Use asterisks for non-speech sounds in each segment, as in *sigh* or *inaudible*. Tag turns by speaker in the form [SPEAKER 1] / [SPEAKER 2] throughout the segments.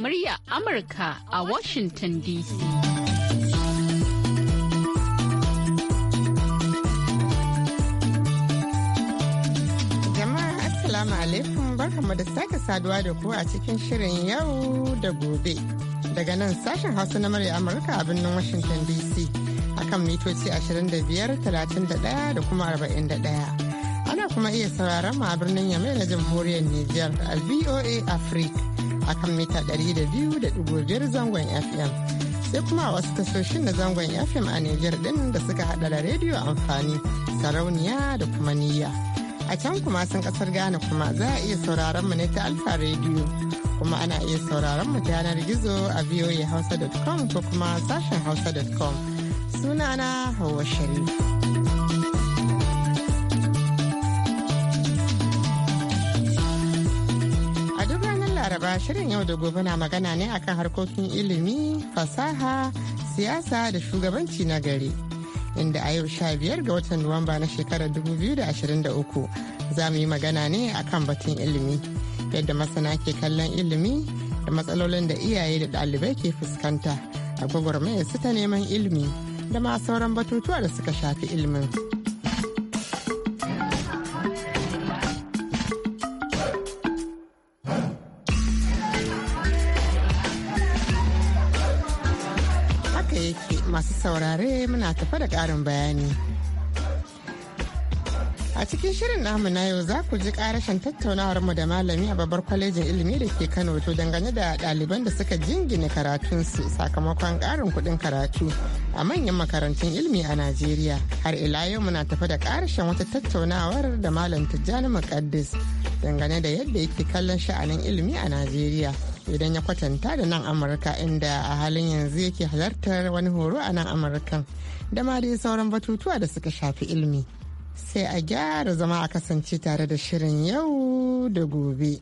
[SPEAKER 1] murya Amurka a Washington DC.
[SPEAKER 2] Jama'a Assalamu alaikum barkamu da sake saduwa da ku a cikin shirin yau da gobe. Daga nan sashen Hausa na murya Amurka a birnin Washington DC. akan mitoci 25, 31 da kuma 41. ana kuma iya sauraron mu a birnin yamai na jamhuriyar Nijar a VOA Africa akan mita 200.5 zangon FM. Sai kuma a wasu tasoshin na zangon FM a Nijar din da suka hada da rediyo amfani, sarauniya da kuma niyya. A can kuma sun kasar Ghana kuma za a iya sauraron mu ne ta Alfa rediyo Kuma ana iya sauraron mu ta yanar gizo a voahausa.com ko kuma sashen hausa.com. Sunana hawa Sharif. gaba shirin yau da gobe na magana ne akan harkokin ilimi, fasaha, siyasa da shugabanci na gari. Inda a yau sha biyar ga watan Nuwamba na shekarar 2023 za mu yi magana ne akan batun ilimi. Yadda masana ke kallon ilimi da matsalolin da iyaye da ɗalibai ke fuskanta a gwagwarmaya su ta neman ilimi da ma sauran batutuwa da suka shafi ilimin. saurare muna tafa da ƙarin bayani. A cikin shirin namu na yau za ku ji ƙarashin tattaunawar mu da malami a babbar kwalejin ilimi da ke Kano to dangane da ɗaliban da suka jingina karatunsu sakamakon ƙarin kuɗin karatu a manyan makarantun ilimi a Najeriya. Har ila yau muna tafa da ƙarashin wata tattaunawar da malam Tijjani Muƙaddis dangane da yadda yake kallon sha'anin ilimi a Najeriya. idan ya kwatanta da nan amurka inda a halin yanzu yake halartar wani horo a nan amurka da ma dai sauran batutuwa da suka shafi ilimi sai a gyara zama a kasance tare da shirin yau da gobe.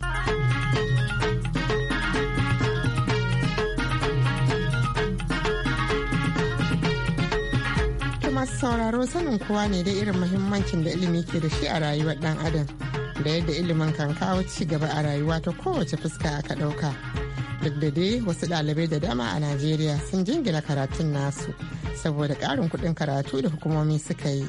[SPEAKER 2] masu sauraro sanin kowa ne da irin muhimmancin da ilimi ke da shi a rayuwar dan adam da yadda ilimin kan kawo ci gaba a rayuwa ta kowace fuska aka ɗauka duk da dai wasu ɗalibai da dama a najeriya sun jingina karatun nasu saboda ƙarin kuɗin karatu da hukumomi suka yi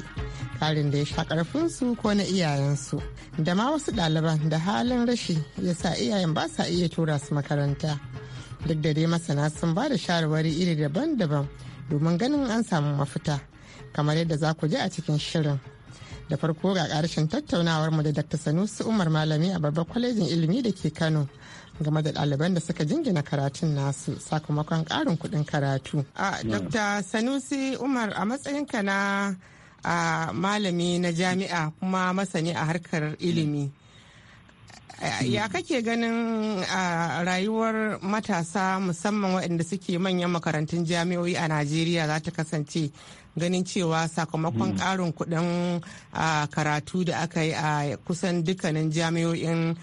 [SPEAKER 2] ƙarin da ya sha ƙarfinsu ko na iyayensu da ma wasu ɗaliban da halin rashi ya sa iyayen ba sa iya tura su makaranta duk da dai masana sun ba da shawarwari iri daban-daban domin ganin an samu mafita kamar yadda za ku ji a cikin shirin da farko ga karshen tattaunawar mu da dr sanusi umar malami a babbar kwalejin ilimi da ke kano game da ɗaliban da suka jingina karatun nasu sakamakon ƙarin kuɗin karatu a dr sanusi umar a matsayinka na malami na jami'a kuma masani a harkar ilimi ya kake ganin a rayuwar matasa musamman waɗanda suke manyan makarantun jami'o'i a najeriya za ta kasance ganin cewa sakamakon hmm. ƙarin kuɗin karatu da aka yi a kusan dukkanin jami'o'in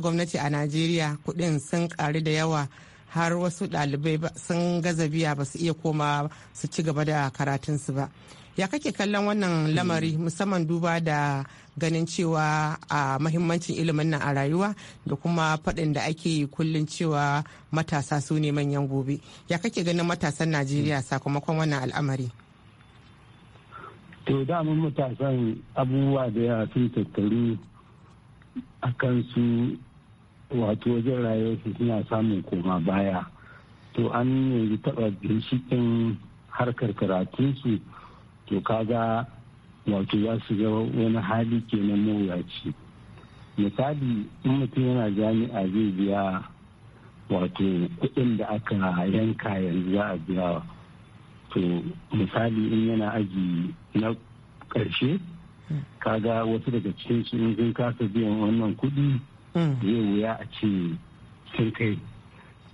[SPEAKER 2] gwamnati a najeriya kuɗin sun ƙari da yawa har wasu ɗalibai sun gaza biya ba su iya koma su ci gaba da karatunsu ba ya kake kallon wannan lamari hmm. musamman duba da ganin cewa a mahimmancin ilimin nan a rayuwa da kuma faɗin da ake kullum cewa matasa su ne manyan gobe ya kake ganin matasan najeriya hmm. sakamakon wannan al'amari
[SPEAKER 3] to daman matasan abubuwa da ya sun tattaru a kansu wato wajen rayuwarsu suna samun koma baya to an yanzu taɓa ginshikin harkar karatunsu to kaga wato za su ga wani hali ke kenan mawuyaci misali in mutum yana jami'a zai biya wato kuɗin da aka yanka yanzu za a biya to misali in yana aji na ƙarshe kaga wasu daga cikin su in sun kasa biyan wannan kuɗi hmm. zai wuya a ce sun kai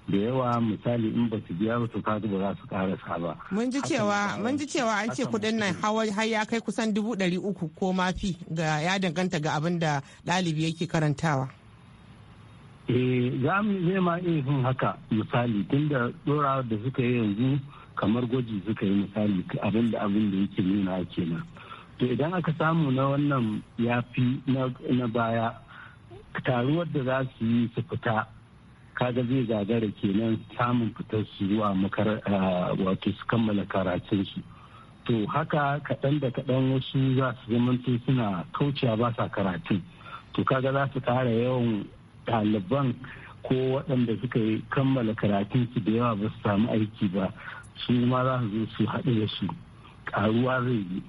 [SPEAKER 3] da yawa misali in ba su biya ba su kasu ba za su karasa ba.
[SPEAKER 2] Mun ji cewa mun an ce kuɗin nan har ya kai kusan dubu ɗari uku ko mafi ga ya danganta ga abin da ɗalibi yake karantawa.
[SPEAKER 3] Eh za mu zai ma haka misali tunda ɗorawa da suka yi yanzu kamar gwaji suka yi misali abin da abin da yake nuna kenan. To idan aka samu na wannan ya fi na baya taruwar da za su yi su fita kaga zai gagara kenan samun fitar su zuwa wato su kammala karatun su to haka kaɗan da kaɗan wasu za su zamanto suna kaucewa ba sa karatun to kaga za su ƙara yawan ɗaliban ko waɗanda suka yi kammala karatun su da yawa ba su samu aiki ba su ma za su zo su haɗu da su ƙaruwa zai yi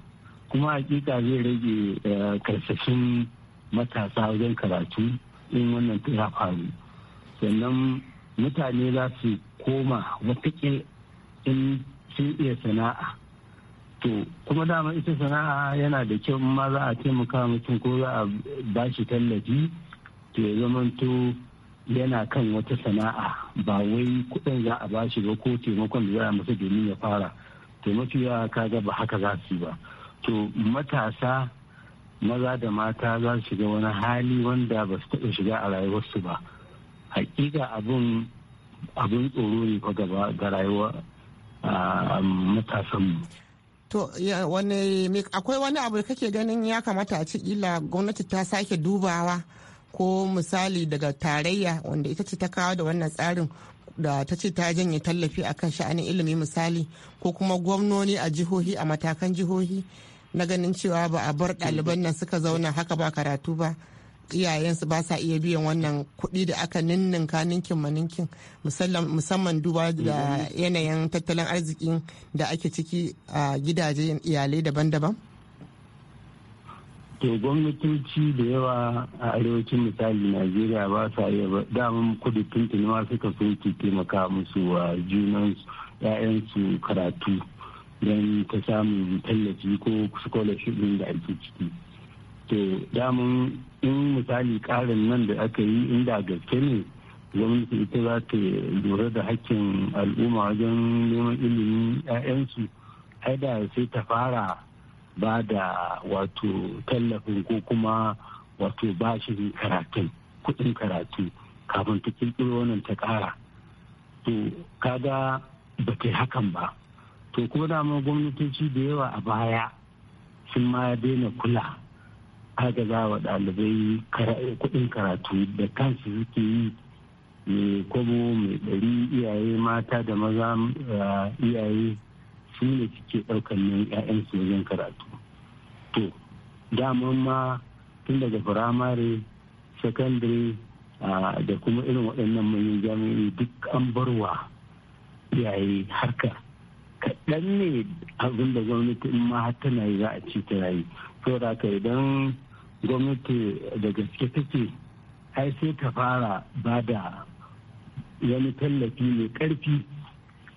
[SPEAKER 3] kuma hakika zai rage eh, karsashin matasa wajen karatu in wannan ta ya faru sannan mutane za su koma watakil in sun iya sana'a to kuma dama ita sana'a yana da kyau ma za a taimaka mutum ko za a ba shi tallafi to ya zamanto yana kan wata sana'a ba wai kuɗin za a ba shi ba ko taimakon da za a masa domin ya fara to mafi yawa kaga ba haka za su ba to matasa maza da mata za su shiga wani hali wanda ba su taɓa shiga a rayuwarsu ba hakika abin abin tsoro ne fa gaba ga rayuwa matasanmu.
[SPEAKER 2] To wani akwai wani abu da kake ganin ya kamata a ci kila gwamnati ta sake dubawa ko misali daga tarayya wanda ita ce ta kawo da wannan tsarin da ta ce ta janye tallafi a kan sha'anin ilimi misali ko kuma gwamnoni a jihohi a matakan jihohi na ganin cewa ba a bar ɗaliban nan suka zauna haka ba karatu ba iyayensu ba sa iya biyan wannan kuɗi da aka ninninka ninkin maninkin musamman duba da mm-hmm. yanayin tattalin arzikin da ake ciki a gidaje iyalai daban-daban?
[SPEAKER 3] to gwamnatoci da yawa a arewacin misali najeriya ba sa iya ba kudi kudu tuntuni ma suka soke taimaka musu wa junan 'ya'yansu karatu don ta samu tallafi ko scholarship din da ake ciki to damun in misali karin nan da aka yi inda gaske ne gwamnati ita za ta lura da hakkin al'umma wajen neman ilimi 'ya'yansu haida sai ta fara ba da wato tallafin ko kuma wato bashin karatun kudin karatu kafin ta kirkiro wannan ta kara to kaga ba ta hakan ba to ko da ma gwamnatoci da yawa a baya sun ma daina kula agaza wa ɗalibai kuɗin karatu da kansu suke yi mai kwabo mai ɗari iyaye mata da maza iyaye su ne suke ɗaukar nan 'ya'yansu wajen karatu to daman ma tun daga firamare sakandare da kuma irin waɗannan manyan jami'i duk an barwa iyaye harkar kaɗan ne abinda gwamnati in ma tana yi za a ci ta rayu saboda idan gwamnati da gaske take ai sai ta fara ba da wani tallafi mai karfi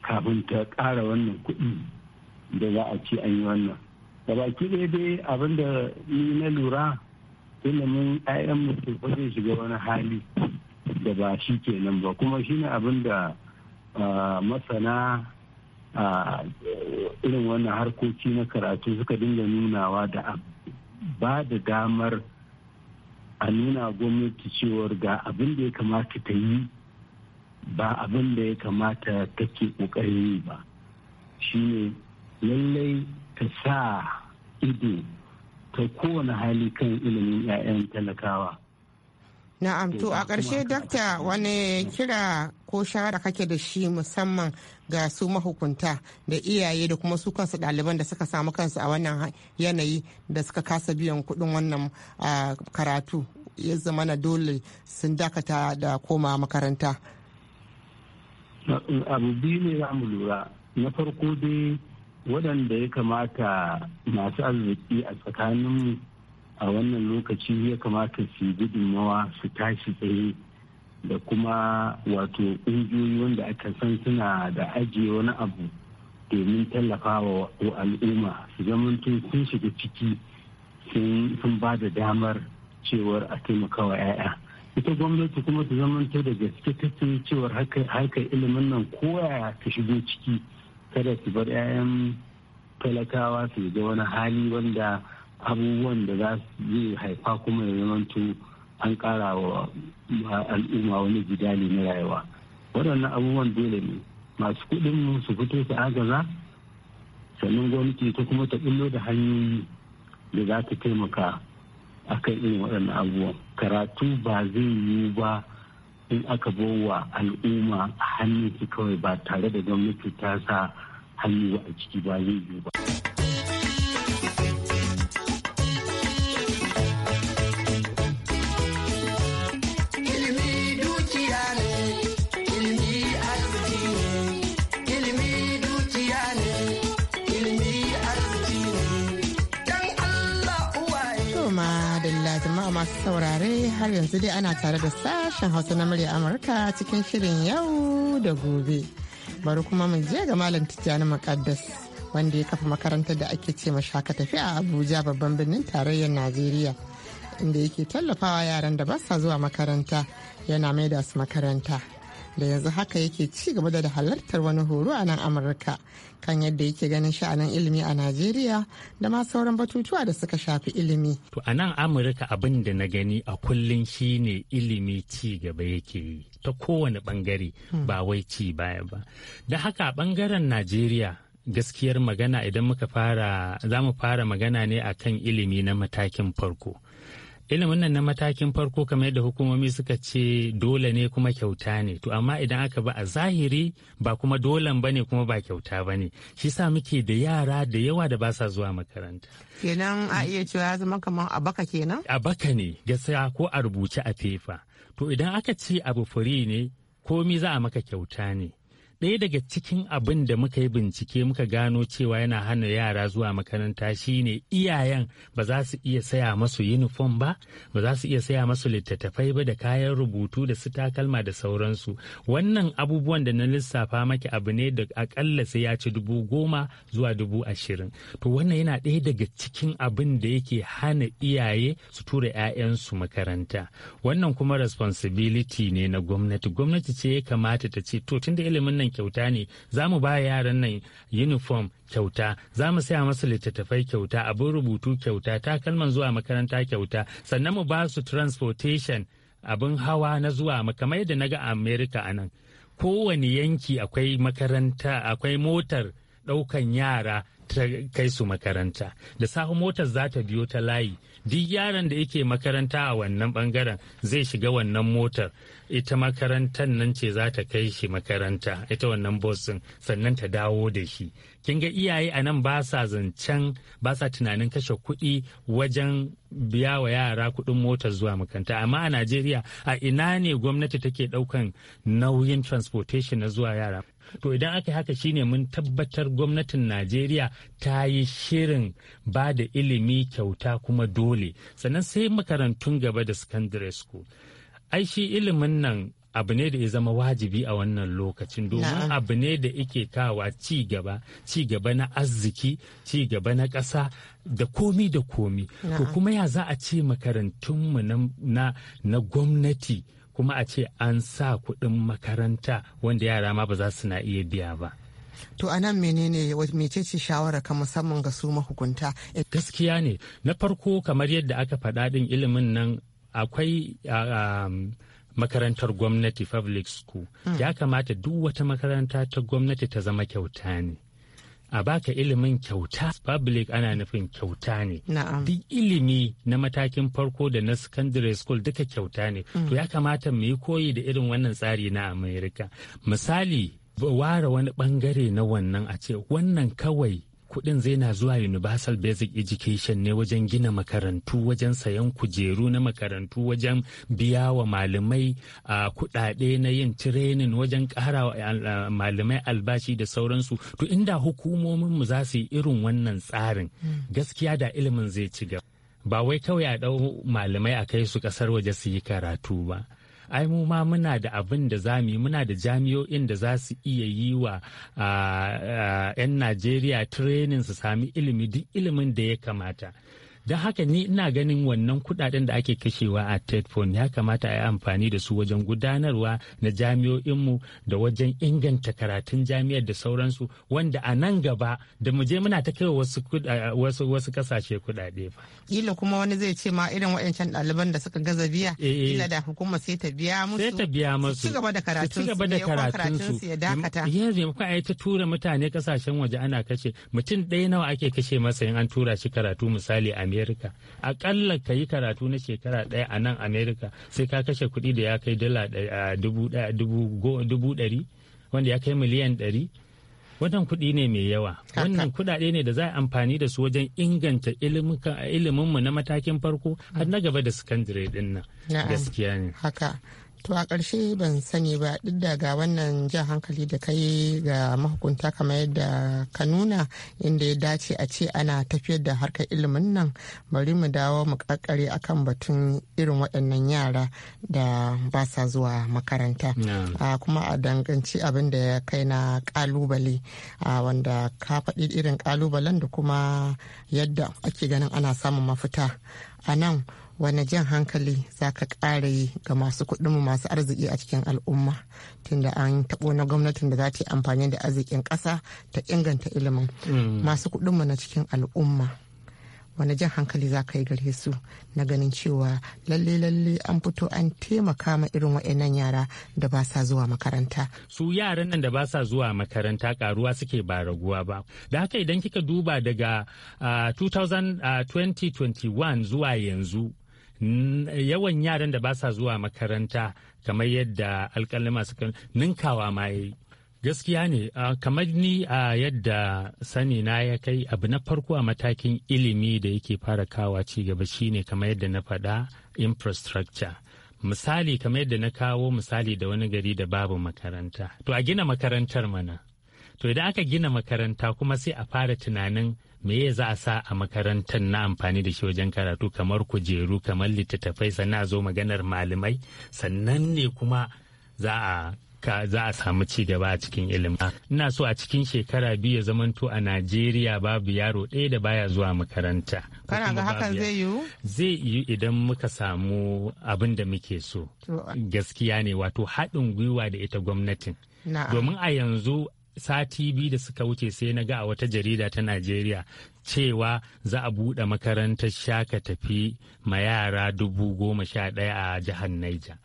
[SPEAKER 3] kafin ta kara wannan kuɗi da za a ce an yi wannan da baki ɗaya dai abinda ni na lura ilimin 'ya'yan mutum ba zai shiga wani hali da ba shi kenan ba kuma shi ne abinda masana irin wannan harkoki na karatu suka dinga nunawa da abu ba da damar a nuna gwamnati cewar ga abin da ya kamata ta yi ba abin da ya kamata take ƙoƙarin yi ba shi ne lallai ta sa ido ta kowane hali kan ilimin 'ya'yan talakawa Na'am to a ƙarshe
[SPEAKER 2] dakta wani kira ko shawara kake da shi musamman ga su mahukunta da iyaye da kuma su kansu ɗaliban da suka samu kansu a wannan yanayi da suka kasa biyan kuɗin wannan karatu ya zama na dole sun dakata da koma makaranta.
[SPEAKER 3] Abu biyu ne za mu lura. Na farko dai waɗanda ya kamata masu arziki a tsakaninmu a wannan lokaci ya kamata su gudunmawa su tashi tsaye da kuma wato ƙungiyoyi wanda aka san suna da ajiye wani abu domin tallafawa wa al'umma su zamanto sun shiga ciki sun ba da damar cewar a taimaka wa 'ya'ya ita gwamnati kuma ta zamanto da gaske ta cewar haka ilimin nan kowa ta shigo ciki kada su bar 'ya'yan talakawa su wani hali wanda abubuwan da za su haifa kuma ya zamanto an ƙara wa al'umma wani jidali na rayuwa waɗannan abubuwan dole ne masu kuɗin su fito su agaza sannan gwamnati ta kuma ta ɓullo da hanyoyi da za ta taimaka a kan irin waɗannan abubuwan karatu ba zai yiwu ba in aka bowa al'umma a hannun su kawai ba tare da gwamnati ta sa hannu a ciki ba zai yiwu ba.
[SPEAKER 2] masu saurare har yanzu dai ana tare da sashen hausa na murya amurka cikin shirin yau da gobe bari kuma mu je ga malam tijjani muqaddas wanda ya kafa makarantar da ake ce mashaka tafi a abuja babban birnin tarayyar najeriya inda yake tallafawa yaran da ba sa zuwa makaranta yana mai da su makaranta da yanzu haka yake ci gaba da halartar wani horo a nan amurka kan yadda yake ganin sha'anin ilimi a najeriya da ma sauran batutuwa da suka shafi
[SPEAKER 4] ilimi to a nan amurka abin da na gani a kullum shine ilimi ci gaba yake yi ta kowane bangare hmm. ba wai ci baya ba da haka bangaren najeriya gaskiyar magana idan muka fara za mu fara magana ne akan ilimi na matakin farko ilimin nan na matakin farko kamar yadda hukumomi suka ce dole ne kuma kyauta ne to amma idan aka ba a zahiri ba kuma dolan bane kuma ba kyauta bane shi sa muke da yara da yawa da ba sa zuwa makaranta
[SPEAKER 2] kenan a iya cewa ya
[SPEAKER 4] zama kamar a baka kenan a baka ne gaskiya ko a rubuce a fefa to idan aka ce abu fure ne komi za a maka kyauta ne ɗaya daga cikin abin da muka yi bincike muka gano cewa yana hana yara zuwa makaranta shine iyayen ba za su iya saya masu uniform ba ba za su iya saya masu littattafai ba da kayan rubutu da su takalma da sauransu wannan abubuwan da na lissafa maki abu ne da akalla sai ya ci dubu goma zuwa dubu ashirin to wannan yana ɗaya daga cikin abin da yake hana iyaye su tura 'ya'yansu makaranta wannan kuma responsibility ne na gwamnati gwamnati ce ya kamata ta ce to tunda ilimin nan kyauta ne za mu ba yaran nan uniform kyauta za mu saya masu littattafai kyauta abin rubutu kyauta takalman zuwa makaranta kyauta sannan mu ba su transportation abin hawa na zuwa makamai da na ga america a nan kowane yanki akwai makaranta akwai motar ɗaukan yara ta kai su makaranta da sahu motar za ta biyo ta layi duk yaran da yake makaranta a wannan bangaren zai shiga wannan motar ita makarantar nan ce za ta kai shi makaranta ita wannan bosin sannan ta dawo da shi kin ga iyaye a nan ba sa zancen ba sa tunanin kashe kuɗi wajen biya wa yara kuɗin motar zuwa makaranta amma a najeriya a ina ne gwamnati take ɗaukan nauyin transportation na zuwa yara to idan aka yi haka shine mun tabbatar gwamnatin najeriya ta yi shirin ba da ilimi kyauta kuma dole sannan sai makarantun gaba da secondary school ai shi ilimin nan abu ne da ya zama wajibi a wannan lokacin domin abu ne da ike kawa ci gaba ci gaba na arziki ci gaba na ƙasa da komi da komi to kuma ya za a ce makarantunmu na gwamnati kuma a ce an sa kuɗin makaranta wanda yara ma ba za su na iya biya ba to a nan
[SPEAKER 2] menene ce shawara ka musamman ga su mahukunta gaskiya ne
[SPEAKER 4] na farko kamar yadda aka faɗa ɗin ilimin nan akwai makarantar gwamnati public school hmm. ya kamata duk wata makaranta ta gwamnati ta zama kyauta ne a baka ilimin kyauta public ana nufin kyauta ne duk ilimi na matakin farko da na secondary school duka kyauta ne mm. to ya kamata mu yi koyi da irin wannan tsari na Amerika. misali ware wani bangare na wannan a ce wannan kawai kudin zai na zuwa universal basic education ne wajen gina makarantu wajen sayan kujeru na makarantu wajen biya wa malamai kudade na yin training wajen kara wa malamai albashi da sauransu to inda hukumominmu za su yi irin wannan tsarin gaskiya da ilimin zai ci gaba ba wai kawai a dau malamai a kai su kasar waje su yi karatu ba ai mu ma muna da abin da za mu yi muna da jami'o'in da za su iya yi wa 'yan najeriya training su sami ilimi duk ilimin da ya kamata don haka ni ina ganin wannan kudaden da ake kashewa a tedfone ya kamata a yi amfani da su wajen gudanarwa na jami'o'inmu da wajen inganta karatun jami'ar da sauransu wanda a nan gaba da mu je muna ta kai wasu wasu kasashe kudade fa kila
[SPEAKER 2] kuma wani zai ce ma irin waɗancan ɗaliban da suka gaza biya eh, eh. kila da hukuma sai ta biya musu sai ta biya musu ci gaba da karatun su gaba da karatun su ya dakata
[SPEAKER 4] yanzu a yi ta tura mutane kasashen waje ana kashe mutum ɗaya nawa ake kashe masa in an tura shi karatu misali a america akalla ka yi karatu na shekara ɗaya a nan america sai ka kashe kuɗi da ya kai dala dubu ɗari wanda ya kai miliyan ɗari wannan kuɗi ne mai yawa wannan kuɗaɗe ne da za a amfani da su wajen inganta iliminmu na matakin farko har na gaba da sakandare ɗin nan gaskiya ne
[SPEAKER 2] to a ƙarshe ban sani ba duk da ga wannan jan hankali da kai ga mahukunta kamar yadda ka nuna inda ya dace a ce ana tafiyar da harkar ilimin nan bari mu dawo mu kakare akan batun irin waɗannan yara da ba sa zuwa makaranta kuma a danganci abin da ya kai na ƙalubale wanda ka faɗi irin ƙalubalen da kuma yadda ake ganin ana samun mafita a nan wani jan hankali za ka ƙara yi ga masu kuɗinmu masu arziki a cikin al'umma tunda an taɓo na gwamnatin da za ta yi amfani da arzikin ƙasa ta inganta ilimin mm. masu kuɗinmu na cikin al'umma wani jan hankali za ka yi gare su na ganin cewa lalle lalle an fito an taimaka ma irin wa'annan yara da ba sa zuwa makaranta.
[SPEAKER 4] Su yaran nan da ba sa zuwa makaranta karuwa suke ba raguwa ba. Da haka idan kika duba daga 2021 ah, ah, zuwa yanzu Mm, yawan yaran da ba sa zuwa makaranta kamar yadda alƙalima suka ninkawa ma yi. gaskiya ne kamar ni a yadda sani na ya kai abu na farko a matakin ilimi da yake fara kawa ci gaba shine kamar yadda na faɗa infrastructure misali kamar yadda na kawo misali da wani gari da babu makaranta to a gina makarantar mana to idan aka gina makaranta kuma sai a fara tunanin me ya za a sa a makarantar na amfani da shi wajen karatu kamar kujeru kamar littattafai sannan a zo maganar malamai sannan ne kuma za a ka za a samu ci gaba a cikin ilimi. Ina so a cikin shekara biyu ya zamanto a Najeriya babu yaro ɗaya da baya zuwa makaranta. Kana ga hakan zai yiwu? Zai yiwu idan muka samu abin da muke so. Gaskiya ne wato haɗin gwiwa da ita gwamnatin. Domin a yanzu sati biyu da suka wuce sai na ga a wata jarida ta Najeriya cewa za a buɗe makarantar shaka tafi ma yara dubu goma sha ɗaya a jihar Niger.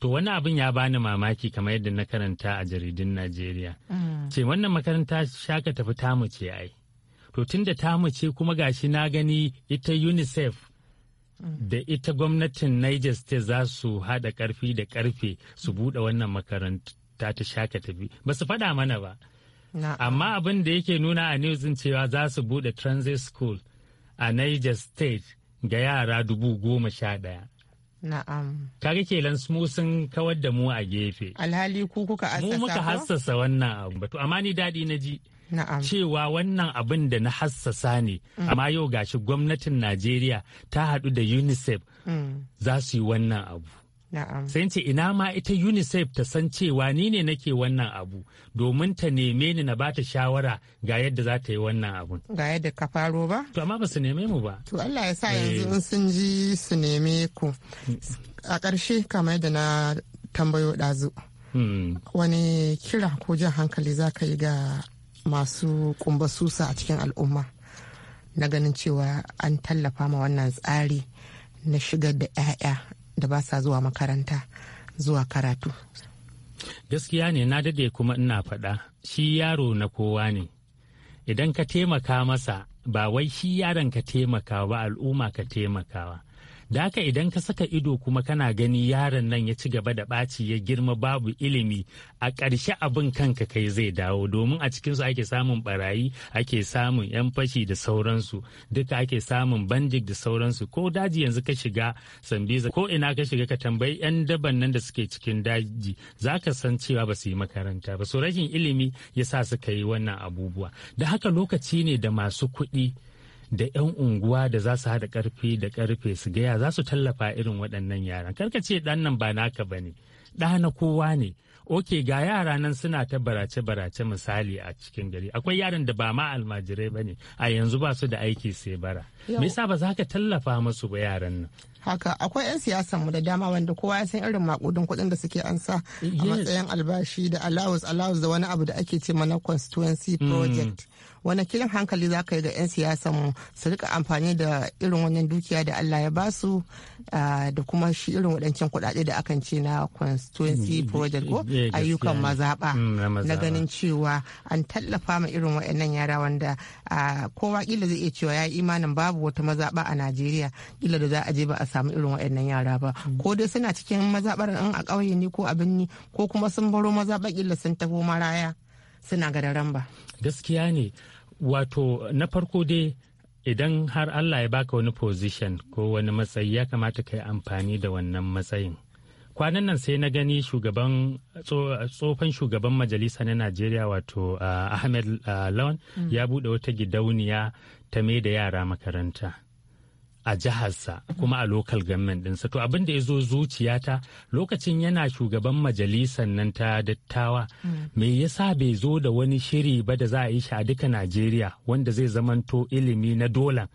[SPEAKER 4] To wani abin ya bani mamaki kamar yadda na karanta a jaridun Najeriya. Mm. Ce wannan makaranta shaka tafi tamu ce ai. To tun da tamu ce kuma gashi na gani ita UNICEF mm. da ita gwamnatin Niger State za su haɗa ƙarfi da ƙarfe su buɗe wannan makarantar. ta ta shata tafi ba su faɗa mana ba amma abin da yake nuna a news cewa za su buɗe transit school a niger state ga yara dubu goma sha ɗaya
[SPEAKER 2] Na'am.
[SPEAKER 4] Kaga kelan mu sun kawar da mu a gefe.
[SPEAKER 2] Alhali ku kuka ko? Mu muka hassasa
[SPEAKER 4] wannan abu. Batu amma ni daɗi na ji. Na'am. Cewa wannan abin da na hassasa ne. Mm. Amma yau gashi gwamnatin Najeriya ta haɗu da UNICEF mm. za su yi wannan abu. Sai ce ina ma ita UNICEF ta san cewa ni ne nake wannan abu domin ta neme ni na bata shawara ga yadda za ta yi wannan abu. Ga yadda ka faro ba? To amma ba su neme mu ba. To Allah ya sa yanzu eh. in
[SPEAKER 2] sun ji su neme ku. A ƙarshe kamar da na tambayo ɗazu. Hmm. Wani kira ko jan hankali za ka yi ga masu susa a cikin al'umma na ganin cewa an tallafa ma wannan tsari na shigar da 'ya'ya da ba sa zuwa makaranta zuwa karatu
[SPEAKER 4] gaskiya ne na dade kuma ina faɗa shi yaro na kowa ne idan ka taimaka masa ba wai shi yaron ka taimaka ba al'umma ka taimakawa da haka idan ka saka ido kuma kana gani yaron nan ya ci gaba da ɓaci ya girma babu ilimi a ƙarshe abin kanka kai zai dawo domin a cikinsu ake samun barayi ake samun 'yan fashi da sauransu duka ake samun bandik da sauransu ko daji yanzu ka shiga sambiza ko ina ka shiga ka tambayi 'yan daban nan da suke cikin daji za ka san cewa ba su yi makaranta ba so rashin ilimi ya sa suka yi wannan abubuwa da haka lokaci ne da masu kuɗi da 'yan unguwa da za su haɗa ƙarfi da ƙarfe su gaya za su tallafa irin waɗannan yaran karka ce ɗan nan ba naka ba ne ɗa na kowa ne oke ga yara nan suna ta barace-barace misali a cikin gari akwai yaran da ba ma almajirai ba ne a yanzu ba su da aiki sai bara me yasa ba za ka tallafa musu ba yaran nan
[SPEAKER 2] haka akwai 'yan siyasan mu da dama wanda kowa ya san irin makudin kuɗin da suke ansa a matsayin albashi da allowance allowance da wani abu da ake ce mana constituency hmm. project wani kilin hankali za ka yi ga 'yan siyasan mu su rika amfani da irin wannan dukiya da Allah ya basu ah, da kuma shi irin waɗancan kuɗaɗe da akan ce na constituency hmm. project ko eh, ayyukan hmm, mazaɓa na ganin cewa an tallafa ma irin waɗannan yara wanda ah, kowa kila zai iya cewa ya yi imanin babu wata mazaɓa a Najeriya kila da za a je ba a samu irin waɗannan yara ba mm. ko dai suna cikin mazaɓar in a ƙauye ne ko a birni ko kuma sun baro mazaɓar illa sun taho maraya suna gadaran ba
[SPEAKER 4] gaskiya ne wato na farko dai idan har Allah ya baka wani position ko wani matsayi ya kamata ka yi amfani da wannan matsayin kwanan nan sai na gani shugaban tsofan shugaban majalisa na najeriya wato ah, ahmed ah, lawan mm. ya buɗe wata gidauniya ta mai da yara makaranta a jiharsa kuma a lokal government ɗinsa to abin da ya zo zuciyata lokacin yana shugaban majalisar nan ta dattawa me yasa bai zo da wani shiri ba da za a yi shi a duka najeriya wanda zai zamanto ilimi na dolan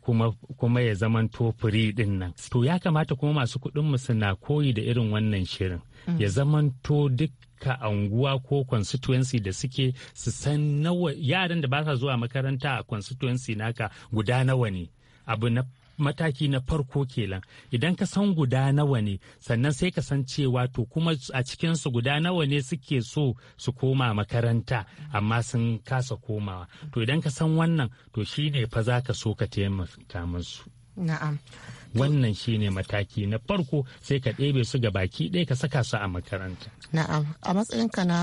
[SPEAKER 4] kuma, kuma ya zamanto firi din nan to ya kamata kuma masu kuɗin mu na koyi da irin wannan shirin ya zamanto duka ka anguwa ko constituency da suke su san nawa yaran da ba sa zuwa makaranta a constituency naka guda nawa ne abu na mataki na farko kenan idan ka san guda nawa ne sannan sai ka san cewa to kuma a cikinsu guda nawa ne suke so su koma makaranta amma sun kasa komawa to idan ka san wannan to shine fa za ka so ka taimaka musu na'am wannan shine mataki na farko sai ka ɗebe su ga baki ɗaya ka saka su a makaranta
[SPEAKER 2] na'am a matsayinka na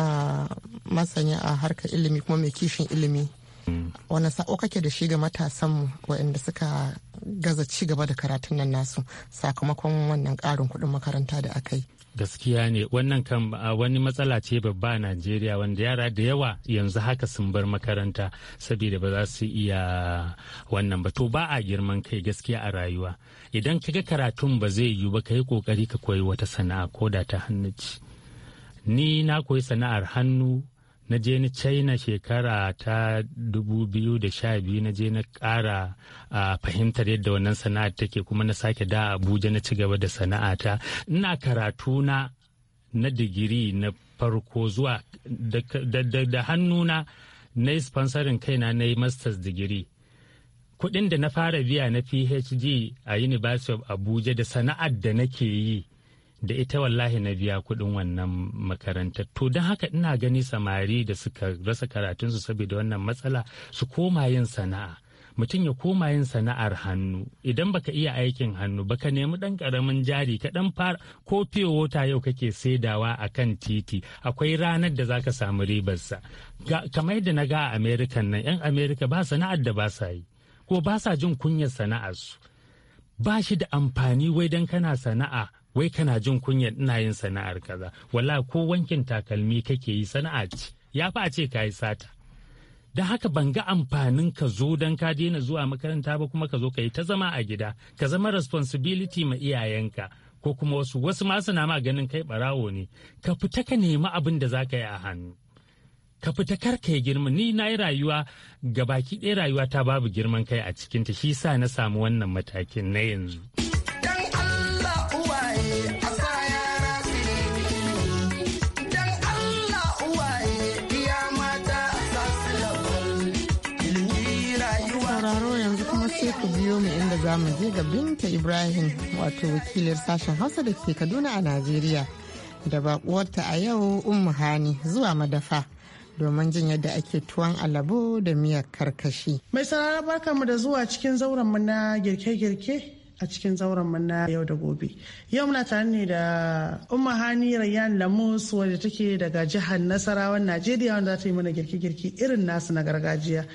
[SPEAKER 2] a ah, a harkar ilimi kuma mai kishin ilimi wani sa'o kake da shi ga matasan mu suka gaza ci gaba da karatun nan nasu sakamakon wannan karin kuɗin makaranta da aka
[SPEAKER 4] yi gaskiya ne wannan kan wani matsala ce babba a najeriya wanda yara da yawa yanzu haka sun bar makaranta saboda ba za su iya wannan ba to ba a girman kai gaskiya a rayuwa idan ka ga karatun ba zai yiwu ba ka yi kokari ka koyi wata sana'a ko da ta hannu ni na koyi sana'ar hannu na je ni china shekara ta 2012 na je na ƙara fahimtar yadda wannan sana'ar take kuma na sake da abuja na ci gaba da sana'ata ina karatu na na digiri na farko zuwa da hannuna na yi sponsorin kaina na yi masters digiri kuɗin da na fara biya na phd a university of abuja da sana'ar da nake yi da ita wallahi na biya kuɗin wannan makarantar to don haka ina gani samari da suka rasa karatunsu saboda wannan matsala su koma yin sana'a mutum ya koma yin sana'ar hannu idan baka iya aikin hannu baka nemi ɗan ƙaramin jari ka ɗan fara ko fiye wota yau kake saidawa a kan titi akwai ranar da zaka samu ribarsa kamar yadda na ga a amerika nan 'yan amerika ba sana'ar da ba sa yi ko ba sa jin kunyar sana'arsu ba shi da amfani wai dan kana sana'a wai kana jin kunyar ina yin sana'ar kaza wala ko wankin takalmi kake yi sana'a ce ya fa a ce ka yi sata da haka ban ga amfanin ka zo don ka daina zuwa makaranta ba kuma ka zo ka yi ta zama a gida ka zama responsibility ma iyayenka ko kuma wasu wasu ma suna ma ganin kai barawo ne ka fita ka nemi abin da za ka yi a hannu ka fita kar ka yi girma ni na yi rayuwa ga baki ɗaya rayuwa ta babu girman kai a cikinta shi sa na samu wannan matakin na yanzu.
[SPEAKER 2] mu je ga Binta Ibrahim wato wakilar sashen Hausa da ke Kaduna a Najeriya da bakuwarta a yau Ummu Hani zuwa madafa. domin jin yadda ake tuwon alabo da miyar karkashi.
[SPEAKER 5] Mai sarara barka mu da zuwa cikin zaurenmu na girke-girke a cikin zaurenmu na yau da gobe. Yau muna tare ne da Umma Hani Rayyan Lamus wadda take daga jihar Nasarawan Najeriya wanda za ta yi mana girke-girke irin nasu na gargajiya.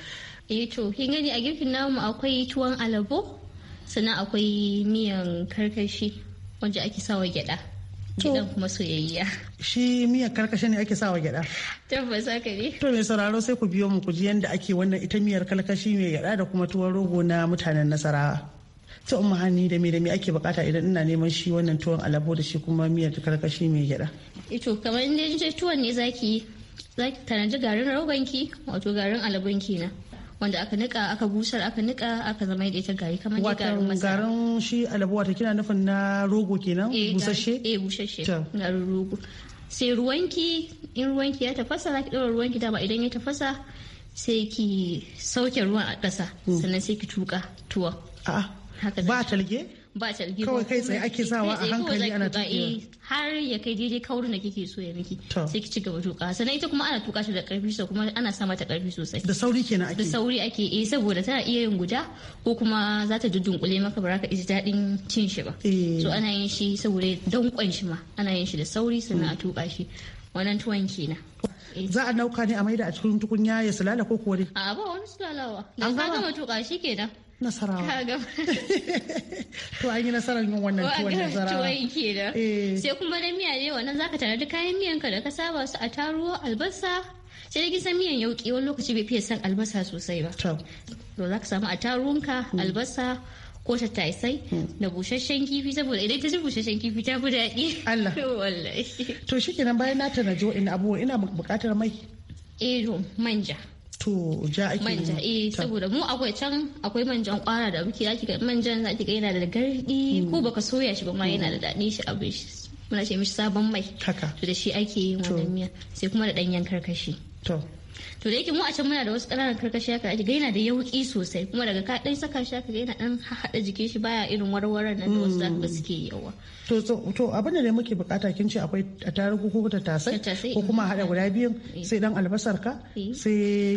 [SPEAKER 1] Eh to, kin gani a girkin namu akwai tuwon alabo, sannan akwai miyan karkashi wanda ake sawa gyada gidan kuma soyayya
[SPEAKER 5] shi miyan karkashi ne ake sawa gyada
[SPEAKER 1] tabbas haka ne to mai
[SPEAKER 5] sauraro sai ku biyo mu ku ji yadda ake wannan ita miyar karkashi mai gyada da kuma tuwon rogo na mutanen nasarawa ta umma hannu da me da me ake bukata idan ina neman shi wannan tuwon alabo da shi kuma miyar karkashi mai gyada
[SPEAKER 1] ito eh kamar in tuwon ne zaki zaki tana tanaji garin ki wato garin ki na wanda aka nika aka busar aka nika aka zama da ita gari kamar da garin masara
[SPEAKER 5] garin shi alabuwa ta kina nufin na rogo kenan eh, busasshe
[SPEAKER 1] eh busasshe garin rogo sai ruwanki in ruwanki ya tafasa za ki ɗora ruwanki dama idan ya tafasa sai ki sauke ruwan a ƙasa hmm. sannan sai ki tuka tuwa ba talge ba talgi kawai kai tsaye ake sawa a hankali ana tuƙewa eh, har ya kai daidai kaurin da kike so ya miki sai ki ci gaba tuƙa sannan ita kuma ana tuƙa shi da ƙarfi sosai kuma ana sa mata ƙarfi sosai da sauri kenan ake da sauri ake eh saboda tana iya yin guda ko kuma za ta dudunkule maka ba ka ji daɗin cin shi ba eh. so ana yin shi saboda danƙon shi ma ana yin shi da sauri sannan a tuƙa shi wannan tuwon kenan eh. za a nauka ne a maida a cikin tukunya ya sulala ko kore a ba wani sulalawa da ka gama tuka shi kenan nasarawa *laughs*
[SPEAKER 5] to an yi nasarar yin wannan tuwon nasarawa
[SPEAKER 1] kenan eh. sai kuma da miya ne wannan zaka tanadi kayan miyanka da ka saba su a taruwa albasa sai da gisan miyan yauki wani lokaci bai fiye son albasa sosai ba to za ka samu a tarunka mm. albasa ko ta taisai hmm. da busasshen kifi saboda idan ta ji busasshen kifi ta fi daɗi. Allah. *laughs*
[SPEAKER 5] To shi kenan bayan na jo ina abubuwan ina buƙatar mai.
[SPEAKER 1] Ero eh, manja. To ja ake manja eh saboda mu akwai can akwai manjan kwara da muke zaki ga manjan zaki ga yana da gardi hmm. ko baka soya shi ba ma yana da hmm. daɗi shi abin shi muna ce mishi sabon mai. Haka. To da shi ake yin wannan miya sai kuma da ɗanyen karkashi. To. to da yake mu a can muna da wasu ƙananan karkashi haka ake gaina da yauki sosai kuma daga ka dan saka shi haka gaina dan haɗa jiki shi baya irin warwaran nan da wasu zaka ga suke yawa
[SPEAKER 5] to to abin da muke bukata kin ce akwai a tarihu ko ta tasai ko kuma haɗa guda biyun eh. sai dan albasar ka eh. sai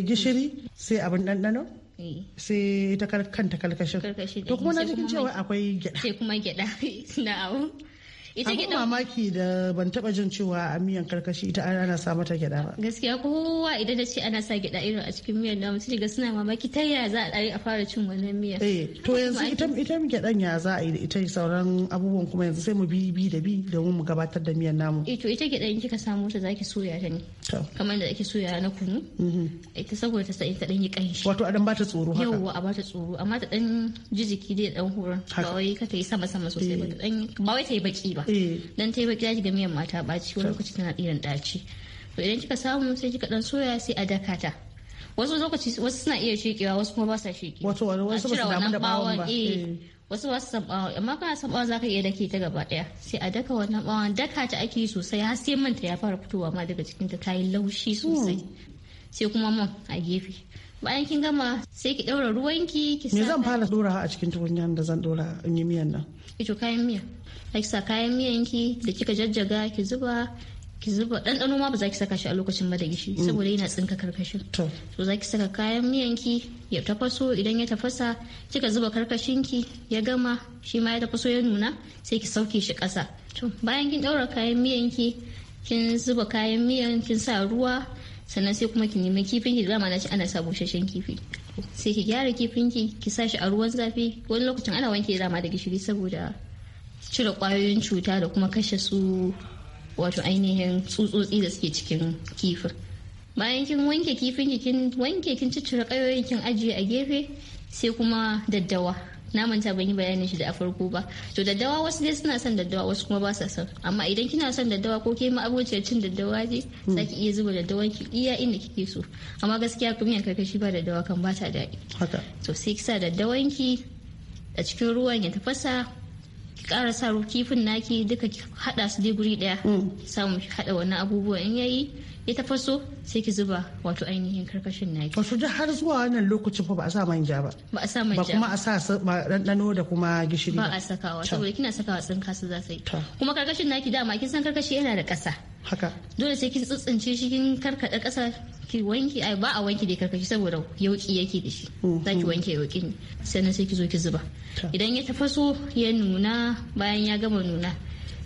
[SPEAKER 5] gishiri sai abin ɗanɗano eh. sai ta kanta kalkashin to kuma na jikin cewa akwai
[SPEAKER 1] gyaɗa. sai kuma gyada *laughs* na'am
[SPEAKER 5] ita gida mamaki da ban taba jin cewa a miyan karkashi ita ana sa mata gida ba
[SPEAKER 1] gaskiya kowa idan da ce ana sa gida irin a cikin miyan namu sai ga suna mamaki ta yaya za a a fara cin wannan miyan eh
[SPEAKER 5] to yanzu ita ita gidan ya za a yi da ita sauran abubuwan kuma yanzu sai mu bi bi da bi domin mu gabatar da miyan namu
[SPEAKER 1] eh to ita gidan kika samu ta zaki soya ta ne kamar da ake soya na kunu mm-hmm. ita saboda ta sai ta dan yi kanshi wato a dan bata tsoro haka yawwa a bata tsoro amma ta dan jijiki dai dan horon ba wai ka ta yi sama sama sosai ba eh. ta dan ba wai ta yi baki ba Eh. dan ta yi baki zaki ga miyan mata ɓaci wani lokaci tana irin ɗaci to idan kika samu sai kika dan soya sai a daka ta wasu lokaci wasu suna iya shekewa wasu kuma ba sa sheke wato wasu ba su damu da bawon ba eh, eh. wasu ba su san bawon amma kana san bawon zaka iya dake ta gaba daya sai a daka wannan bawon daka ta ake sosai har sai manta ya fara fitowa ma daga cikin ta tayi laushi sosai hmm. sai kuma man a gefe bayan kin gama sai ki daura ruwanki ki sa zan
[SPEAKER 5] fara dora a cikin
[SPEAKER 1] tukunya da zan dora in yi miyan nan ki eh to kayan miya ki sa kayan miyanki da kika jajjaga ki zuba ki zuba dano ma ba za ki saka shi a lokacin ba da gishi mm. saboda yana tsinka karkashin to za ki saka kayan miyanki ya tafaso idan ya tafasa kika zuba karkashin ki ya gama shi ma ya tafaso ya nuna sai ki sauke shi kasa. to bayan kin daura kayan miyanki kin zuba kayan miyan kin sa ruwa sannan sai kuma ki nemi kifin ki dama na ci ana sa busasshen kifi sai ki gyara kifin ki ki sa shi a ruwan zafi wani lokacin ana wanke dama da gishiri saboda cire kwayoyin cuta da kuma kashe su wato ainihin tsutsotsi da suke cikin kifin bayan kin wanke kifin ki kin wanke kin ciccire kayoyin kin ajiye a gefe sai kuma daddawa na manta ban yi bayanin shi da a farko ba to daddawa wasu dai suna son daddawa wasu kuma ba sa son amma idan kina son daddawa ko ke ma a cin daddawa Za ki iya zuba daddawan ki iya inda kike so amma gaskiya kuma yan karkashi ba daddawa kan ba ta daɗi to sai ki sa daddawan ki a cikin ruwan ya tafasa ki ƙara sa kifin naki duka ki haɗa su dai guri ɗaya mm. samu ki haɗa wannan abubuwan in yayi ya tafaso sai ki zuba wato ainihin karkashin naki
[SPEAKER 5] wato da har zuwa wannan lokacin fa ba a sa manja ba
[SPEAKER 1] ba a sa manja ba kuma a sa
[SPEAKER 5] ɗanɗano da kuma gishiri ba a
[SPEAKER 1] sakawa saboda kina sakawa tsinka su za su yi kuma karkashin naki dama kin san karkashi yana da ƙasa haka dole sai kin tsitsince shi kin karkaɗa ƙasa ki wanke ai ba a wanke da karkashi saboda yauki yake da shi mm-hmm. za ki wanke yauki ne sannan sai ki zo ki zuba idan ya tafaso ya nuna bayan ya gama nuna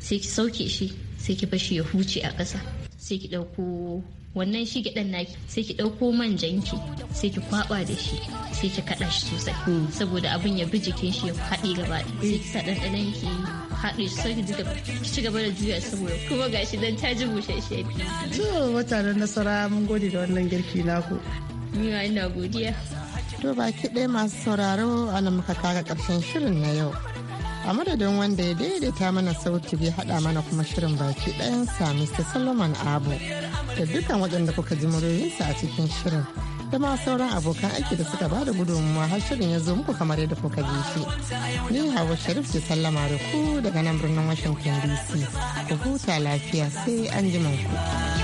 [SPEAKER 1] sai ki sauke shi sai ki bashi ya huce a ƙasa sai ki ɗauko wannan shi gidan naki sai ki ɗauko ki. sai ki kwaba da shi sai ki kaɗa shi sosai hmm. saboda abin ya bi jikin shi ya haɗe gaba sai ki sa ɗanɗanon ki haɗe shi sai ki ci gaba da juya saboda kuma gashi dan ta ji bushe shi
[SPEAKER 5] to mutanen nasara mun gode da wannan girki naku
[SPEAKER 1] ni ma ina godiya
[SPEAKER 5] to baki ɗaya masu sauraro ana muka kaga ƙarshen
[SPEAKER 2] shirin na yau a madadin wanda ya daidaita mana sauti bai hada mana kuma shirin baki ɗayansa mr solomon abu da dukkan waɗanda kuka ji muryoyinsa a cikin shirin da ma sauran abokan aiki da suka bada gudunmuwa har shirin ya zo muku kamar yadda kuka ji shi ni hawa sharif ke sallama da ku daga nan birnin washington dc ku huta lafiya sai an ku.